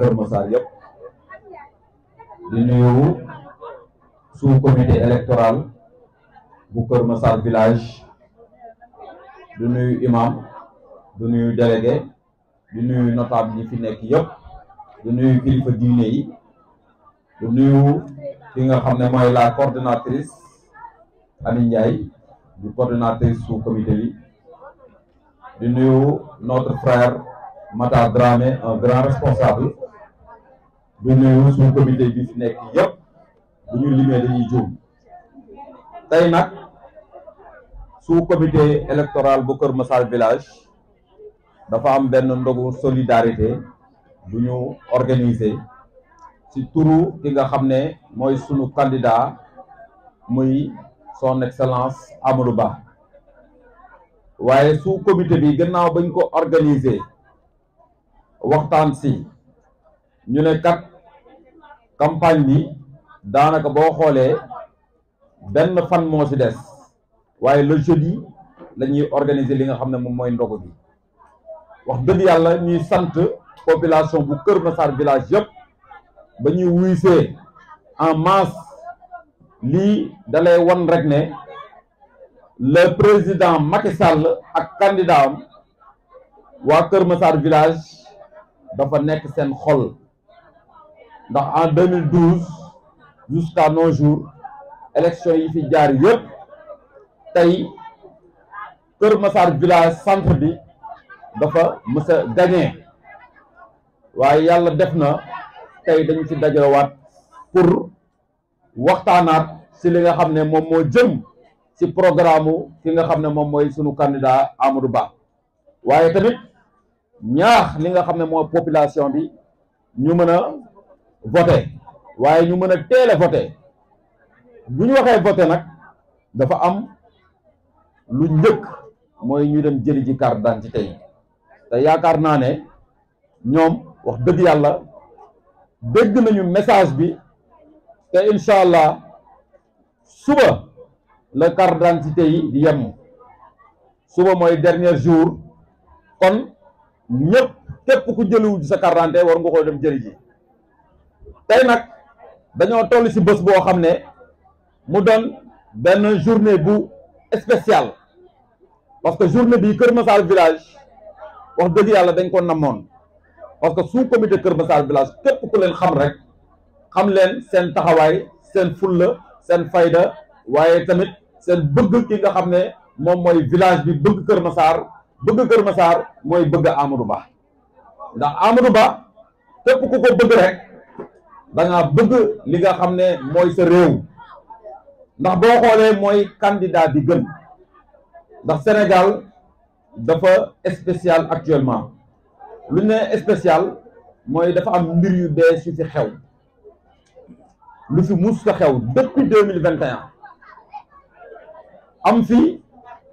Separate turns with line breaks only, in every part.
waa nuyu sous comité électoral bu Kër Massar village di nuyu imam di nuyu délégué di nuyu notable yi fi nekk yëpp di nuyu kilifa diine yi di nuyu ki nga xam ne mooy laa coordonnatrice Ami Ndiaye du coordonnatrice comité bi di nuyu notre frère mata Dramé un grand responsable du ñu suñu comité bi fi nek yépp bu ñu limé dañuy joom tay nak su comité électoral bu Kër massal village dafa am ben ndogu solidarité bu ñu organiser ci touru ki nga xamné moy mooy sunu candidat muy son excellence Amadou Ba waye sous comité bi gannaaw bañ ko organiser. waxtaan si ñu ne kat campagne bi daanaka boo xoolee benn fan moo si des waaye la jeudi la ñuy organiser li nga xam ne moom mooy ndogu bi wax dëgg yàlla ñuy sant population bu Kër Massar village yëpp ba ñuy wuysee en masse lii dalay wan rek ne le président Macky ak candidat am waa Kër Massar village dafa nekk seen xol ndax en 2012 jusqu'à nos jours élection yi fi jaar yëpp tey Kër Massar village centre bi dafa mës a waaye yàlla def na tey dañu ci dajalewaat pour waxtaanaat si li nga xam ne moom moo jëm si programme ki nga xam ne moom mooy sunu candidat Amadou Ba waaye tamit. ñaax li nga xam ne mooy population bi ñu mën a voter waaye ñu mën a teel a voter bu ñu waxee voter nag dafa am lu njëkk mooy ñu dem jëli ji carte d'identité yi te yaakaar naa ne ñoom wax dëgg yàlla dëgg nañu message bi te incha allah suba la carte d'identité yi di yem suba mooy dernier jour kon ñëpp képp ku jëliwul sa carte war nga ko dem jëli ji tey nag dañoo toll si bés boo xam ne mu doon benn journée bu spéciale parce que journée bi Kër Massar village wax dëgg yàlla dañ ko namoon parce que sous comité Kër Massar village képp ku leen xam rek xam leen seen taxawaay seen fulla seen fayda waaye tamit seen bëgg ki nga xam ne moom mooy village bi bëgg Kër masaar bëgg Kër Massar mooy bëgg Amadou Ba ndax Amadou Ba képp ku ko bëgg rek da bëgg li nga xam ne mooy sa réew ndax boo xoolee mooy candidat bi gën ndax Sénégal dafa spécial actuellement lu ne spécial mooy dafa am mbir yu bees yu fi xew lu fi mus sa xew depuis mille vingt et un am fi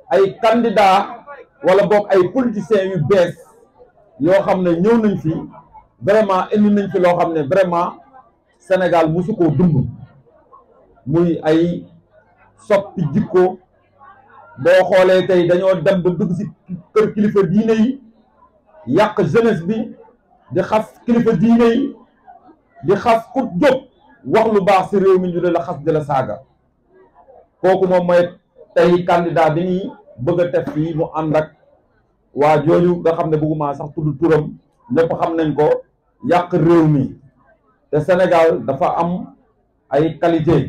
ay candidat wala boog ay politiciens yu bees yoo xam ne ñëw nañ fi vraiment indi nañ fi loo xam ne vraiment Sénégal mosu koo dund muy ay soppi jikko boo xoolee tey dañoo dem ba dugg ci kër kilifa diine yi yàq jeunesse bi di xas kilifa diine yi di xas ku jóg wax lu baax ci réew mi ñu de la xas di la saaga kooku moom mooy tey candidat bi nii bëgg a teg fii ànd ak waa jooju nga xam ne bëgguma sax tudd turam ñëpp xam nañ ko yàq réew mi te Sénégal dafa am ay qualité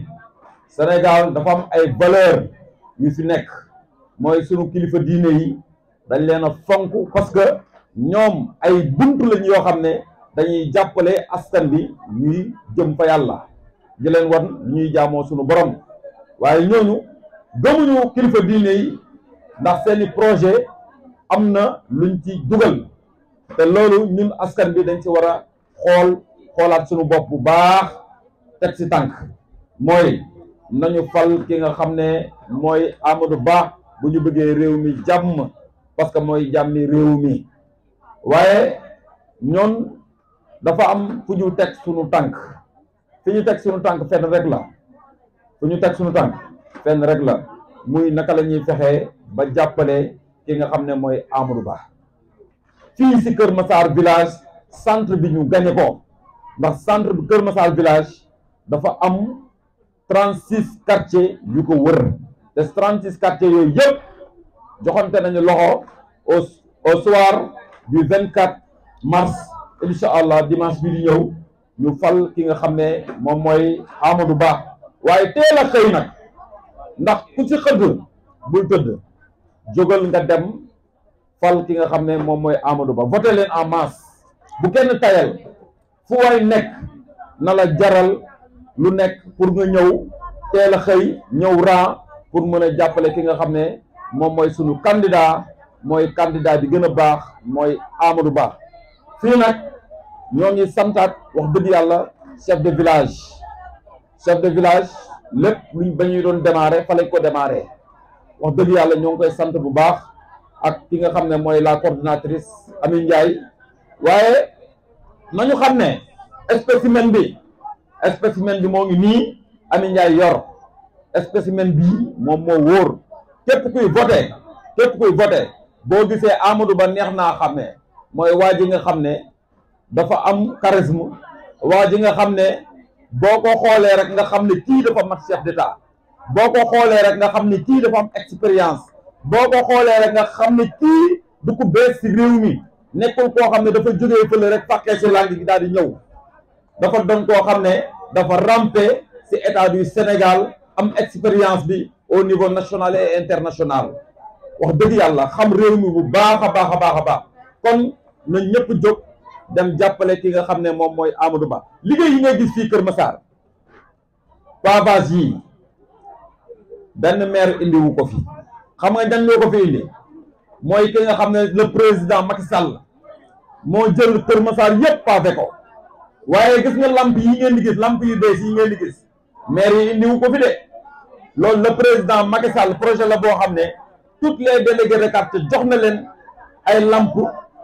Sénégal dafa am ay valeur yu fi nekk mooy sunu kilifa diine yi dañ leen a fonk parce que ñoom ay buntu lañ yoo xam ne dañuy jàppale astan bi ñuy jëm fa yàlla di leen wan ñuy jaamoo sunu borom waaye ñooñu gëmuñu kilifa diine yi ndax seeni projet am na luñ ci dugal te loolu ñun askan bi dañ ci war a xool xoolaat suñu bopp bu baax teg ci tànk mooy nañu fal ki nga xam ne mooy Amadou baax bu ñu bëggee réew mi jàmm parce que mooy jàmmi réew mi waaye ñoom dafa am fu ñu teg suñu tànk fu ñu teg suñu tànk fenn rek la fu ñu teg suñu tànk fenn rek la muy naka la ñuy fexee ba jàppale ki nga xam ne mooy Amadou Ba fii si Kër Massar village centre bi ñu gagné ko ndax centre bi Kër Massar village dafa am trente six quartiers yu ko wër te trente six yooyu yëpp joxante nañu loxo au au soir du vingt quatre mars incha allah dimanche bi di ñëw ñu fal ki nga xam ne moom mooy Amadou Ba waaye teel a xëy nag. ndax ku ci xëdd bul tëdd jógal nga dem fal ki nga xam ne moom mooy Amadou Ba voté leen en masse bu kenn tayal fu waay nekk na la jaral lu nekk pour nga ñëw teel xëy ñëw raa pour mën a jàppale ki nga xam ne moom mooy sunu candidat mooy candidat bi gën baax mooy Amadou Ba fii nag ñoo ngi santaat wax dëgg yàlla chef de village chef de village lépp luñ ba ñuy doon démarré fa lañ ko démarré wax dëgg yàlla ñoo ngi koy sant bu baax ak ki nga xam ne mooy la coordinatrice Ami Ndiaye waaye nañu xam ne spécimen bi spécimen bi moo ngi nii Ami yor spécimen bii moom moo wóor képp kuy voté képp kuy voté boo gisee Amadou Ba neex naa xam ne mooy waa ji nga xam ne dafa am charisme waa ji nga xam ne boo ko xoolee rek nga xam ne kii dafa mat chef d'état boo ko xoolee rek nga xam ne kii dafa am expérience boo ko xoolee rek nga xam ne kii du ko bees ci réew mi nekkul koo xam ne dafa jógee fële rek fàqee si langue gi daal di ñëw dafa doon koo xam ne dafa rampe si état du Sénégal am expérience bi au niveau national et international wax dëgg yàlla xam réew mi bu baax a baax a baax a baax kon na ñëpp jóg dem jàppale ki nga xam ne moom mooy Amadou Ba liggéey yi ngay gis fii Kër Massar pavage yii benn maire indiwu ko fi xam nga dañ ñoo ko fi indi mooy ki nga xam ne le président Macky Sall moo jël Kër Massar yëpp pavé ko waaye gis nga lamp yi ngeen di gis lamp yu bees yi ngeen di gis maire yi indiwu ko fi de loolu le président Macky Sall projet la boo xam ne toutes les délégués de quartier jox na leen ay lamp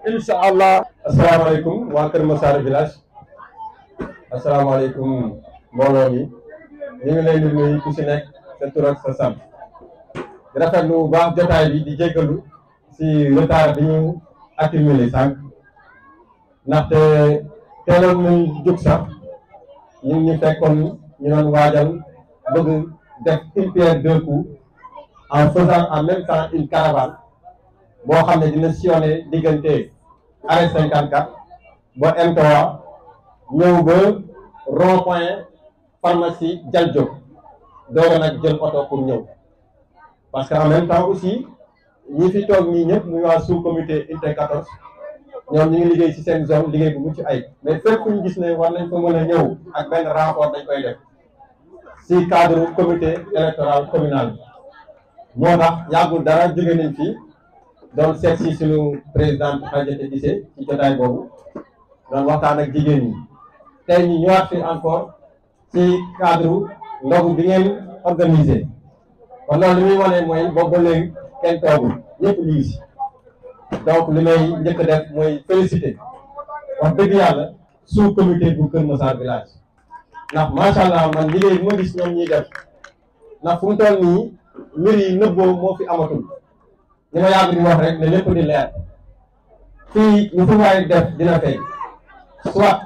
Insyaallah. allah asalaamaaleykum waa Kër Massar village asalaamaaleykum mbooloo mi ñu ngi leen di nuyu ku si nekk sa tur ak sa sant di rafetlu bu baax jotaay bi di jéggalu si retard bi ñu accumulé sànq ndaxte teeloon nañ jóg sax ñu ñu ñu bëgg def une pierre deux coups en faisant en même temps une caravane. boo xam ne dina sillonné diggante arrêt 54 ba M3 ñëw ba rond point pharmacie Dial Diop doog a nag jël oto pour ñëw parce que en même aussi ñi fi toog nii ñëpp muy wax sous comité unité 14 ñoom ñu liggéey ci seen zone liggéey bu mucc ay mais fépp fu ñu gis ne war nañ ko mën a ñëw ak benn rapport dañ koy def ci cadre comité électoral moo tax yàggul dara jóge nañ fii. doon seet si suñu présidente Adjata Guissé ci jotaay boobu doon waxtaan ak jigéen ñi tey ñu ñëwaat fi encore ci cadre ndogu bi ngeen organisé kon loolu li muy wane mooy boobu ba léegi kenn toogul ñëpp ñu ngi li may njëkk def mooy félicité wax dëgg yàlla sous comité bu Kër Massar village ndax macha man liggéey ma gis ñoom ñuy def ndax fu mu toll nii mbir nëbboo moo fi amatul.
li ma yàgg di wax rek ne lépp di
leer fii ñu fi waay def dina feeñ soit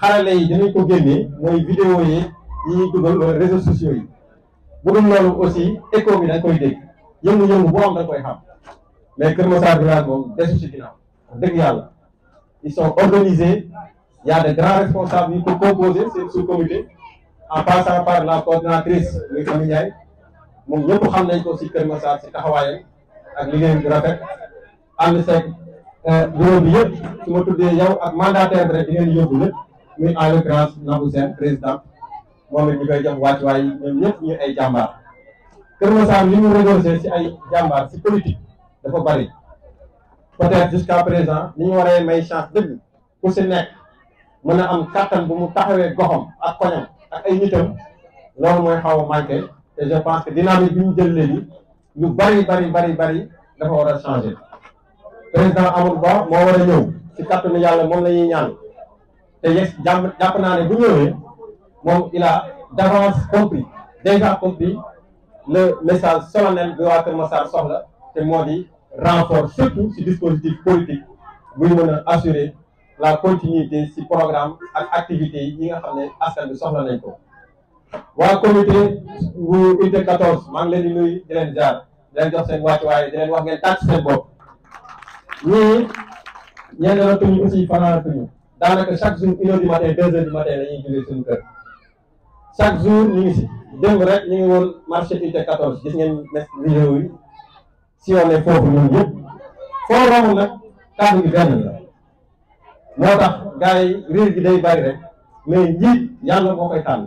xarale yi dinañ ko génnee mooy vidéo yi yi ñuy dugal wala sociaux yi bu dul loolu aussi écho bi dañ koy dégg yëngu-yëngu bu xam mais Kër Massar village dëgg yàlla il sont organisés il y a de grands responsables yu ko composé seen sous-comité en passant par la coordinatrice muy Samy Ndiaye moom ñëpp xam nañ ko ci Kër Massar taxawaayam ak liggéey bi rafet ànd seeg euh, bureau bi yëpp su ma tuddee yow ak mandataire rek di ngeen yóbbu lépp muy en l'occurrence Nabou Sène président moom it ñu koy jox wàccuwaay ñoom ñëpp ñu ay jàmbaar Kër Massar li mu régorgé si ay jàmbaar si politique dafa bari peut-être jusqu'à présent ni ñu waree may chance dëgg ku si nekk mën a am kàttan bu mu taxawee goxam ak koñam ak ay nitam loolu mooy xaw a te je pense que dynamique bi ñu jël léegi Nous, bari bari bari bari dafa président Amadou Ba moo war la ñuy il a d'avance compris déjà compris le message solennel de waa surtout ce dispositif politique buy assurer la continuité ce programme ak activité yi nga xam waa comité bu unité 14 maa ngi leen di nuyu di leen jaar di leen jox seen wàccuwaay di leen wax ngeen tàcc seen bopp ñii ñenn la tuñu aussi fanaanatuñu daanaka chaque jour une du matin deux heures du matin dañuy julli suñu kër chaque jour ñu ngi si démb rek ñu ngi woon marché unité 14 gis ngeen vidéo yi si on foofu ñun yëpp foo romb nag kàddu gi benn la moo tax gars riir gi day bari rek mais njiit yàlla moo koy tànn.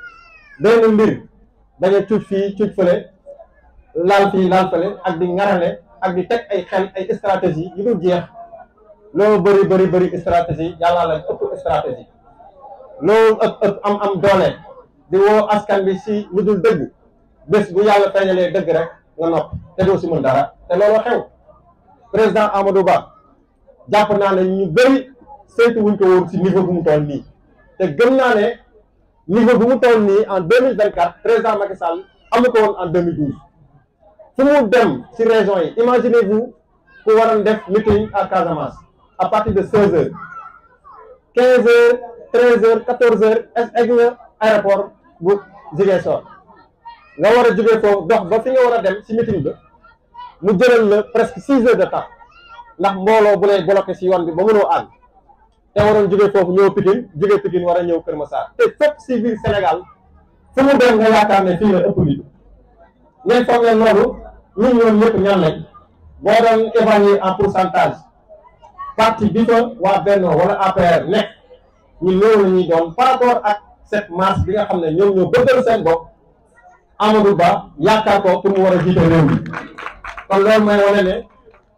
benn mbir dañu cuuj fii cuuj fële laal fii laal fële ak di ngarale ak di teg ay xel ay stratégie yi dul jeex loo bëri bëri bëri stratégie yàlla la ëpp stratégie loo ëpp am am doole di woo askan bi si lu dëgg bés bu yàlla feeñalee dëgg rek nga nopp te doo si mën dara te looloo xew président Amadou Ba jàpp naa ne ñu bëri saytu wuñ ko woon si niveau bu mu nii te gëm naa ne niveau bu mu toll ni en 2024 président Macky Sall amu ko en 2012 fu mu dem si région yi imaginez vous ko waran def meeting à Casamance à partir de 16 h 15 h 13 h 14 heures egg aéroport bu so nga wara a jógee dox ba fi nga wara dem si meeting ba mu jëlal la presque 6 h de temps ndax mbolo bu lay bloquer ci yoon bi ba mëno ag te waroon jógee foofu ñëw Pikine jógee Pikine war a ñëw Kër Massar te fépp si biir Sénégal fu mu dem nga yaakaar ne fii la ëpp nit ngeen foog ne loolu ñun ñoom yëpp ñan lañ boo doon évaluer en pourcentage parti bi fa waa Benno wala APR nekk ñu néew la ñuy doon par rapport ak cette marche bi nga xam ne ñoom ñoo bëggal seen bopp Amadou Ba yaakaar ko pour mu war a réew mi kon loolu may wane ne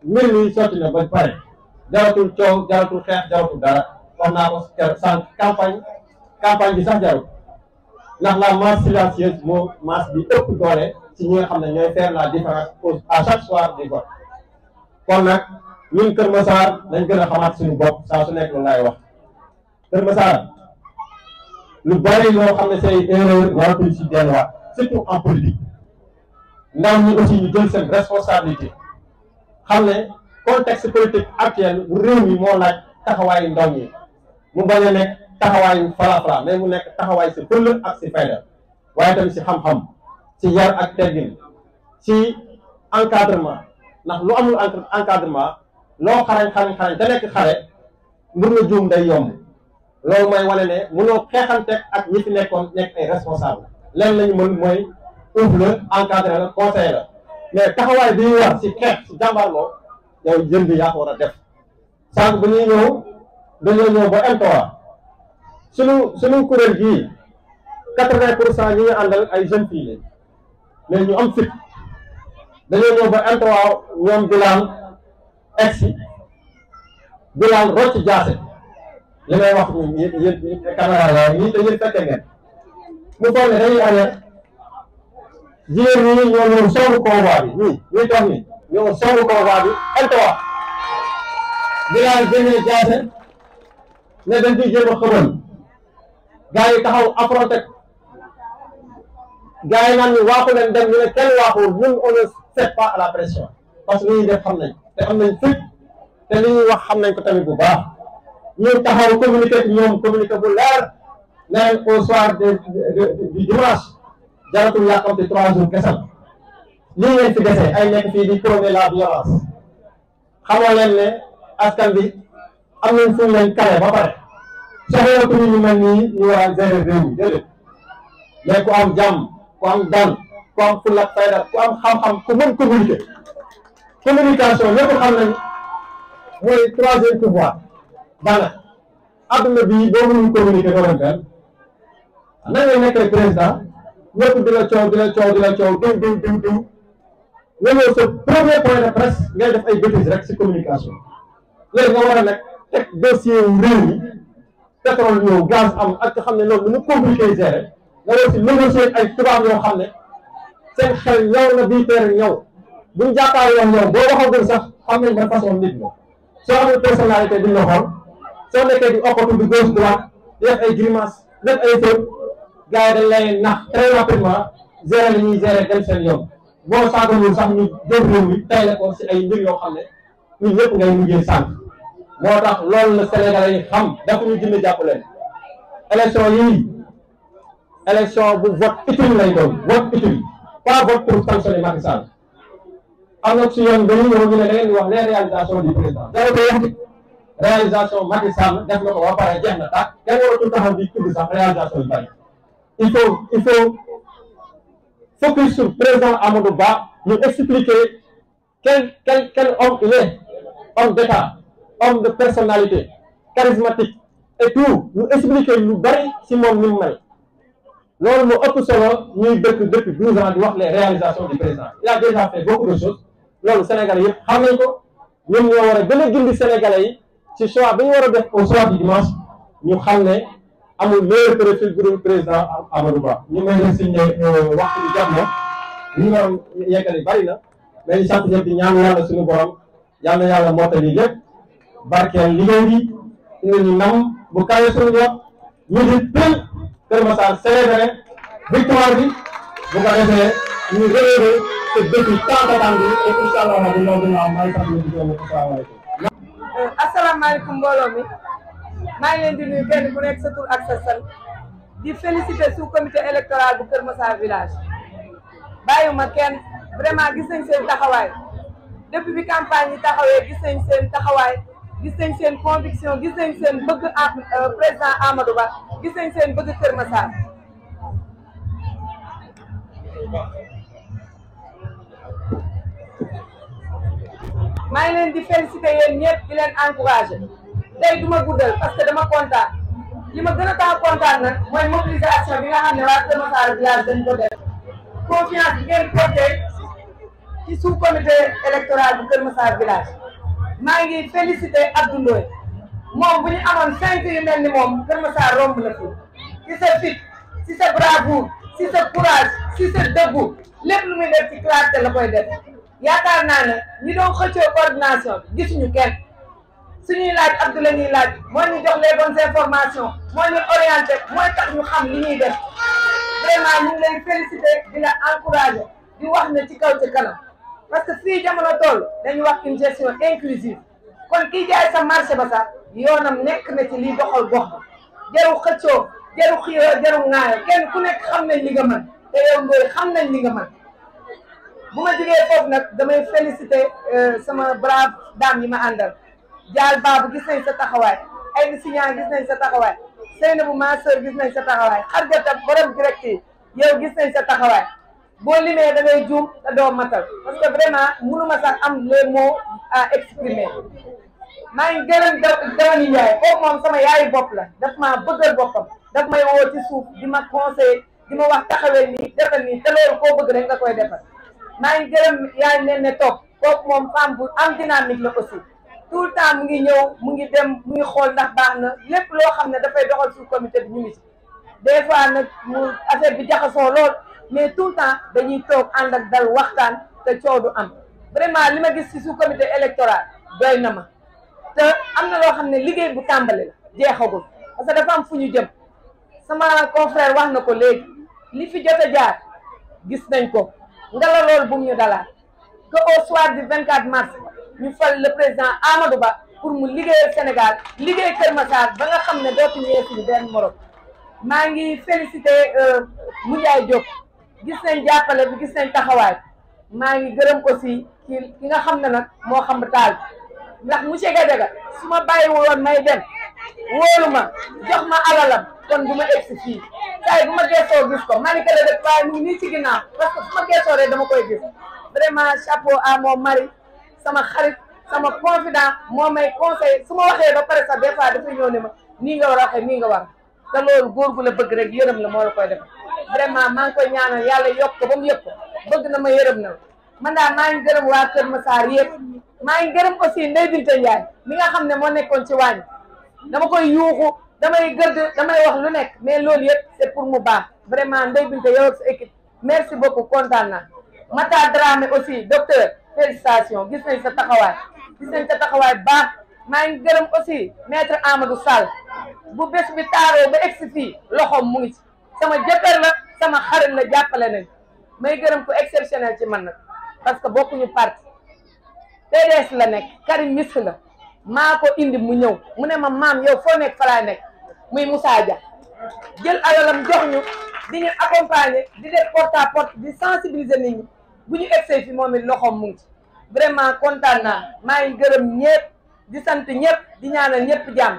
mbir mi sotti na ba pare jaratul coow jaratul xeex jaratul dara wax naa ko sànq campagne campagne bi sax jarul ndax la masse silencieuse moo masse bi ëpp doole ci ñi nga xam ne ñooy faire la différence à chaque soir di vote kon nag ñun Kër dañ gën a xamaat suñu bopp saa su nekk lu laay wax Kër Massar lu bari loo xam ne say erreur waratul ci delluwaat surtout en politique ndaw ñi aussi ñu jël seen responsabilité xam ne contexte politique actuel bu réew mi moo laaj taxawaayu ndaw ñi mu bañ a nekk taxawaayu falafala mais mu nekk taxawaay si fëll ak si fayda waaye tamit si xam-xam si yar ak teggin si encadrement ndax lu amul encadrement loo xarañ xarañ xarañ te nekk xare mën na juum day yomb loolu mooy wane ne mënoo xeexante ak ñi fi nekkoon nekk ay responsable lenn lañu mën mooy uuf la encadré la conseillé la taxawaay bi war si xeex si jàmbaarloo yow jënd ya ko wara a def sank bu ñuy ñew dañu ñew ba M3 suñu sunu kuréel gii quatre vingt pour ay jeunes filles mais ñu am fit dañu ñew ba M3 ñoom bilaan egsi bilaan rocc jaxé limay wax yéen yéen caméra la ñi dañu yéen ngeen mu foog dañuy añee jigéen ñi ñoo ñëw soobu convoi bi ñii ñuy toog nii ñëw songu convoi bi M3 Bilal génnee jaase ne dañ ciy jéem a i gars yi taxaw affronté gars yi naan ñu waaxu leen dem ñu ne kenn waaxul ñun on ne cède pas à la pression parce que li ñuy def xam nañ te am nañ fit te wax xam nañ ko tamit bu baax ñun taxaw communiqué ñoom communiqué bu leer naan au soir de du dimanche jaratul yàkkamti trois jours kesam lii ngeen fi dese ay nekk fii di prôner la violence xamoo leen ne askan bi am nañ fu leen kale ba pare soxlawatuñu ñu mel nii ñu war a gérer réew mi déedéet ku am jàmm ku am daan ku am fulla ak ku am xam-xam ku mën communiquer communication ñëpp xam nañ mooy troisième pouvoir daanaka adduna bii boo mënul communiquer doo leen benn nan ngay nekkee président ñëpp di la coow di la coow di la coow diw diw diw nga ñëw sa premier point de presse ngay def ay bêtises rek si communication léegi nga war a nag teg dossier wu réew mi pétrole ñëw am ak xam ne loolu nu mu compliqué gérer nga war si négocier ay tubaab yoo xam ne seen xel ñaw na bii teer ñaw buñ jàppaayoon ñoom boo waxagul sax xam nañ ne façon nit la soo amee personnalité duñ la xool soo nekkee di okkatu di gauche droite di def ay grimace def ay fëb gars yi lay nax très rapidement gérer li ñuy gérer dem seen yoon boo saagoonul sax ñu jël réew mi tayle si ay mbir yoo xam ne ñun ñëpp ngay mujjee sànq moo tax lool la Sénégalais yi xam dafa ñu jënd jàpp leen élection yii élection bu vote utile lay doon vote utile pas vote pour sanctionner Macky Sall am na si yoon ba ñu ñëw ñu ne da ngeen di wax les réalisations du président jarul koy wax réalisation Macky Sall def na ko ba pare jeex na tàkk kenn waratul taxaw di tudd sax réalisation yu bari il faut il faut focus sur président Amadou Ba nous expliquer quel, quel, quel homme il est, homme d'État, homme de personnalité, charismatique et tout, nous expliquer nous bari si moom ni mu may loolu moo solo ñuy depuis 12 ans di wax les réalisations du président il a déjà fait beaucoup de choses loolu Sénégalais nous il ko ñoom ñoo a gindi Sénégalais yi ci choix bi ñu war def au soir du dimanche Nous xam amul meilleur profil bu dul président Amadou Ba ñu may la signé euh, waxtu bi jot na li ñu waroon yeggali bari na mais ñu sant ñëpp di ñaan yàlla suñu borom yal na yàlla mottali lépp barkeel liggéey bi ñu nam bu kawe suñu jot ñu di tënk Kër Massar célébré
victoire bi bu ko defee ñu réeré te dëkk tàntataan bi te incha allah rabi loolu dina am may sax ñu di jëm asalaamaaleykum. Euh, asalaamaaleykum mbooloo mi. maa ngi leen di nuyu kenn ku nekk sa tur ak sa sant di féliciter sous comité électoral bu Kër Massar village bàyyiwuma kenn vraiment gis nañ seen taxawaay depuis bi campagne yi taxawee gis nañ seen taxawaay gis nañ seen conviction gis nañ seen bëgg euh, président Amadou Ba gis nañ seen bëgg Kër Massar maa ngi leen di féliciter yéen ñëpp i leen encourager tey du ma guddal parce que dama kontaan li ma gën a tax kontaan nag mooy mobilisation bi nga xam ne waa Kër Massar village dañ ko def confiance bi ngeen porté ci sous comité électoral bu Kër Massar village maa ngi félicité Abdou Ndoye moom bu ñu amoon cinq yu ni moom Kër Massar romb la fi ci sa fit ci sa bravoure ci sa courage ci sa dëggu lépp lu muy def ci clarté la koy def yaakaar naa ne ñi doon xëccoo coordination gisuñu kenn suñuy laaj Abdou la ñuy laaj moo ñu jox les bonnes informations moo ñu orienté mooy tax ñu xam li ñuy def vraiment ñu ngi lay félicité di la encouragé di wax na ci kaw ci kanam parce que fii jamono toll dañu wax une gestion inclusive kon kii jaay sa marché ba sax yoonam nekk na ci liy doxal gox jaru xëccoo jaru xiyoo jaru ŋaayo kenn ku nekk xam nañ li nga mën te yow Ndoye xam nañ li nga mën bu ma jógee foofu nag damay félicité euh, sama brave dame yi ma àndal jaal baabu gis nañ sa taxaway ay di signant gis nañ sa taxawaay Seynabou ma sœur gis nañ sa taxawaay xarjata borom direct yi yow gis nañ sa taxaway bo limé da ngay joom da do matal parce que vraiment mënuma sax am le mot à exprimer ma ngi gërëm dañu yaay ko mom sama yaay bop la daf ma bëggal bopam daf may wo ci suuf di ma conseil di ma wax taxawé ni defal ni té lolu ko bëgg rek nga koy defal ma ngi gërëm yaay leen ne toog foofu moom femme bu am dynamique la aussi tout le temps mu ngi ñëw mu ngi dem mu ngi xool ndax baax na lépp loo xam ne dafay doxal suuf comité bi ñu ngi ci des fois nag mu affaire bi jaxasoo lool mais tout le temps dañuy toog ànd ak dal waxtaan te coow du am vraiment li ma gis si sous comité électoral doy na ma te am na loo xam ne liggéey bu tàmbali la jeexagul parce que dafa am fu ñu jëm sama confrère wax na ko léegi li fi jot a jaar gis nañ ko ngelaw loolu bu mu ñu dalaat que soir du 24 mars ñu fal le président Amadou Ba pour mu liggéeyal Sénégal liggéey Kër Massar ba nga xam ne dootu dootuñu yeesuñu benn morom maa ngi félicité euh, Moundiaye Diop gis nañ jàppale bi gis nañ taxawaay maa ngi gërëm ko si ki nga xam ne nag moo xam taal ndax monsieur Gadiaga su ma bàyyi woon may dem wóolu ma jox ma alalam kon bu ma egsi fii saa bu ma geesoo gis ko maa ngi kële rek waaye mu ngi nii ci ginnaaw parce que bu ma geesoo rek dama koy gis vraiment chapeau à mon mari sama xarit sama confident moo may conseil su ma waxee ba pare sa des fois dafay ñëw ne ma nii nga war a waxee nii nga war te loolu góor gu la bëgg rek yërëm la moo la koy def vraiment maa ngi yàlla yokk ko ba yëpp ko bëgg na ma yërëm na man daal maa ngi gërëm waa Kër Massar yëpp maa ngi gërëm aussi Ndeye Binta Ndiaye mi nga xam ne moo nekkoon ci waañ dama koy yuuxu damay gërd damay wax lu nekk mais loolu yëpp c'est pour mu baax vraiment Ndeye Binta yow ak sa équipe merci beaucoup kontaan naa Mata Dramé aussi docteur Félicitations. gis nañ sa taxaway. gis nañ sa taxaway baax maa ngi gërëm aussi maître Amadou Sall bu bés bi taaro ba mu ngi ci sama jëkkër la sama xarit la jappalé nañ may gërëm ko exceptionnel ci man nak parce que ñu parti PDS la nek, Karim Miss la Mako indi mu ñëw mu ma mam yow fo nek fa laa nekk muy Moussa Dia jël alalam jox ñu di ñu accompagner di def porte à porte di sensibiliser nit ñi bu ñu egsee fi moom it loxoom mu ngi vraiment kontaan naa maa ngi gërëm ñëpp di sant ñëpp di ñaanal ñëpp jàmm